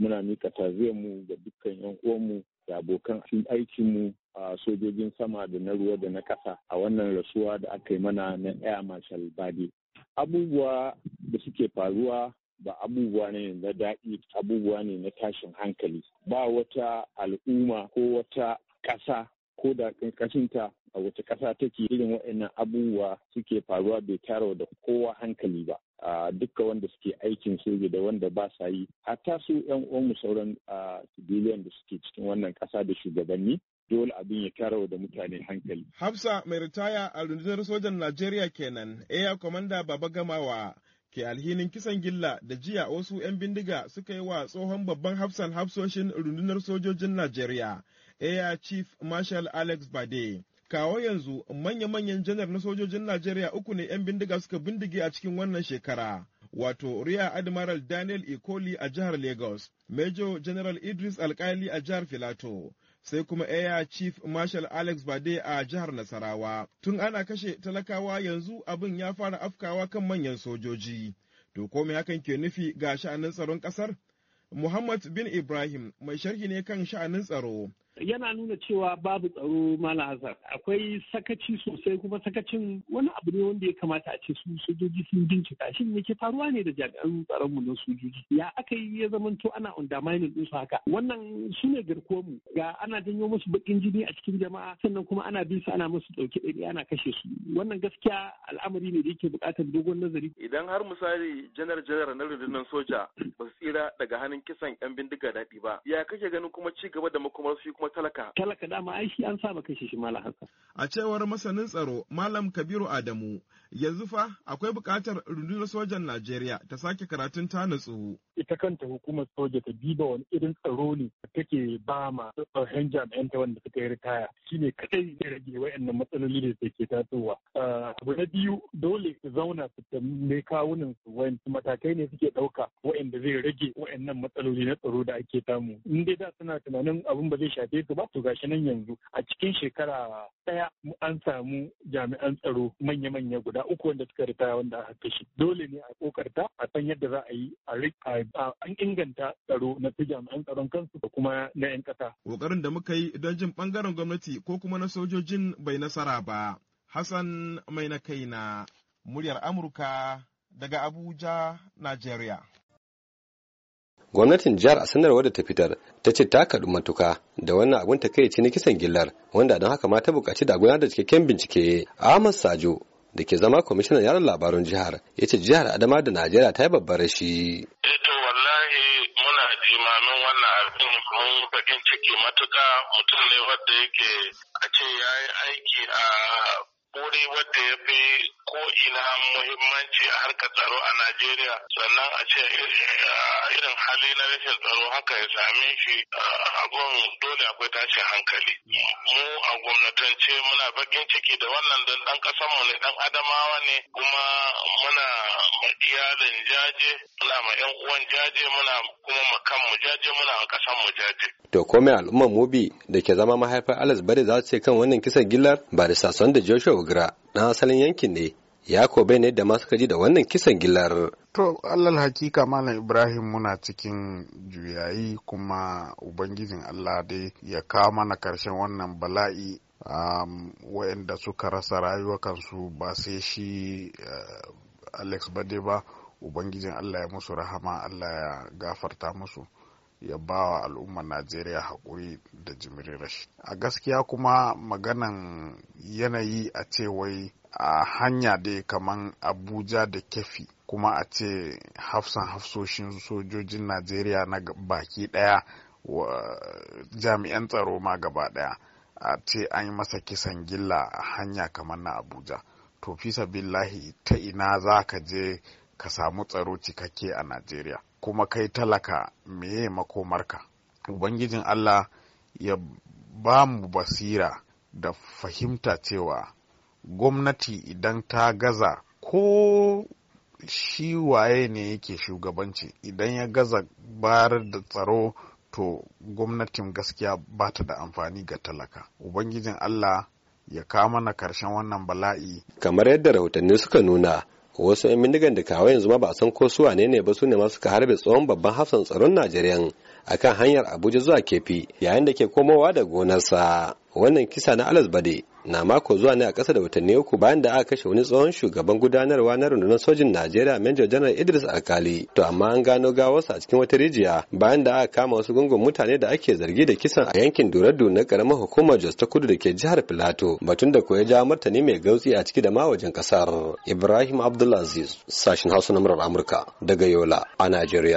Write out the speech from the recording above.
muna mika mu ga dukkan yan uwanmu da abokan aikin mu a sojojin sama da na ruwa da na ƙasa a wannan rasuwa da aka yi mana na air marshal bade abubuwa da suke faruwa ba abubuwa ne na daɗi abubuwa ne na tashin hankali ba wata al'umma ko wata ƙasa ko da ƙarƙashinta a wata ƙasa take irin waɗannan abubuwa suke faruwa bai tara da kowa hankali ba dukka wanda suke aikin soja da wanda ba sa yi hatta su yan mu sauran civilian da suke cikin wannan ƙasa da shugabanni dole abin ya tarawa da mutane hankali. Hafsa mai ritaya a rundunar sojan Najeriya kenan, Air Commander Baba Gamawa ke alhinin kisan gilla da jiya wasu 'yan bindiga suka yi wa tsohon babban hafsan hafsoshin rundunar sojojin Najeriya, Air Chief Marshal Alex Bade. kawo yanzu manya-manyan janar na sojojin Najeriya uku ne 'yan bindiga suka bindige a cikin wannan shekara. Wato Riya Admiral Daniel Ikoli a jihar Lagos, Major General Idris Alkali a jihar Filato, sai kuma Air Chief Marshal Alex Bade a jihar Nasarawa. Tun ana kashe talakawa yanzu abin ya fara afkawa kan manyan sojoji. To ko hakan ke nufi ga sha'anin tsaron ƙasar? Muhammad bin Ibrahim mai sharhi ne kan sha'anin tsaro. yana nuna cewa babu tsaro mala hazar akwai sakaci sosai kuma sakacin wani abu ne wanda ya kamata a ce su sojoji sun bincika shin ne ke faruwa ne da jami'an tsaron mu na sojoji ya aka yi ya zamanto ana undermining din su haka wannan su ne garkuwar mu ga ana janyo musu bakin jini a cikin jama'a sannan kuma ana bin su ana musu dauke ɗaya ana kashe su wannan gaskiya al'amari ne da yake bukatar dogon nazari idan har misali janar janar na rundunar soja ba su tsira daga hannun kisan yan bindiga daɗi ba ya kake ganin kuma ci gaba da makomar su kuma talaka talaka dama ai an saba kashe shi mala haka A cewar masanin tsaro Malam Kabiru Adamu, yanzu fa akwai buƙatar rundunar sojan Najeriya ta sake karatun ta natsu. Ita kanta hukumar soja ta diba wani irin tsaro ne da take ba ma tsohon jami'an ta wanda suka yi ritaya shine kadai zai rage wayannan matsaloli da ke tasowa. Ah, abu na biyu dole su zauna su ne kawunan su wayansu matakai ne suke ɗauka wayanda zai rage wayannan matsaloli na tsaro da ake samu. In dai da suna tunanin abin ba zai shafe su ba to gashi nan yanzu a cikin shekara ɗaya an samu jami'an tsaro manya-manya guda uku wanda suka ritaya wanda aka kashe dole ne a kokarta a san yadda za a yi a an inganta tsaro na su jami'an tsaron kansu da kuma na 'yan ƙasa. Ƙoƙarin da muka yi don jin ɓangaren gwamnati ko kuma na sojojin bai nasara ba. Hassan mai na kaina muryar Amurka daga Abuja, Najeriya. gwamnatin jihar a sanarwar da ta fitar ta ce ta kaɗu matuka da wannan abun ta kai na kisan gillar wanda don haka ma ta buƙaci da gudanar da cikakken bincike ahmad sajo da ke zama kwamishinan yaran labarun jihar ya ce jihar adama da najeriya ta yi babbar rashi eh imamin wannan abin mun bakin ciki matuka mutum ne wadda yake a ce ya yi aiki a wuri wadda ya fi ko ina muhimmanci a harkar tsaro a Najeriya sannan a ce eh, irin hali na rashin tsaro haka ya same shi eh, abun dole akwai tashin hankali. Mu a gwamnatance muna bakin ciki da wannan don ɗan ƙasanmu ne ɗan adamawa ne kuma muna ma iyalin jaje muna ma yan uwan jaje muna kuma ma kanmu jaje muna ma kasan mu jaje to komai al'ummar mobi da ke zama mahaifar Alice Bari za su ce kan wannan kisan gillar ba da sason da Joshua Ogura na asalin yankin ne ya ko bai ne da masu kaji da wannan kisan gillar to Allah hakika malam ibrahim muna cikin juyayi kuma ubangijin allah dai ya kawo mana karshen wannan bala'i um, wa'inda suka rasa rayuwa kansu ba sai shi uh, alex bade ba ubangijin allah ya musu rahama allah ya gafarta musu ya ba wa al'ummar najeriya haƙuri da jimirin rashi a gaskiya kuma maganan yanayi a ce wai a hanya dai kaman abuja da kefi kuma a ce hafsan hafsoshin sojojin najeriya na baki daya wa jami'an tsaro ma gaba daya a ce an yi masa kisan gilla a hanya kamar na abuja to fisa billahi ta ina za ka je ka samu tsaro cikakke a najeriya kuma kai talaka meye makomarka ubangijin allah ya ba mu basira da fahimta cewa gwamnati idan ta gaza ko shi waye ne yake shugabanci idan ya gaza bayar da tsaro to gwamnatin gaskiya ba ta da amfani ga talaka ubangijin allah ya kawo mana karshen wannan bala'i kamar yadda rahotanni suka nuna wasu 'yan bindigan da kawai yanzu ma ba a san ko su wane ne ba su ne ma suka harbe tsohon babban hafsan tsaron najeriya akan hanyar abuja zuwa kefi yayin da ke komowa da gonarsa wannan kisa na alas bade na mako zuwa ne a ƙasa da watanni uku bayan da aka kashe wani tsohon shugaban gudanarwa na rundunar sojin Najeriya Major General Idris Alkali. To amma an gano gawarsa a cikin wata rijiya bayan da aka kama wasu gungun mutane da ake zargi da kisan a yankin Duradu na karamar hukumar Jos ta Kudu da ke jihar Filato. Batun da koya ja martani mai gautsi a ciki da ma wajen kasar. Ibrahim Abdulaziz, sashin Hausa na murar Amurka daga Yola a Najeriya.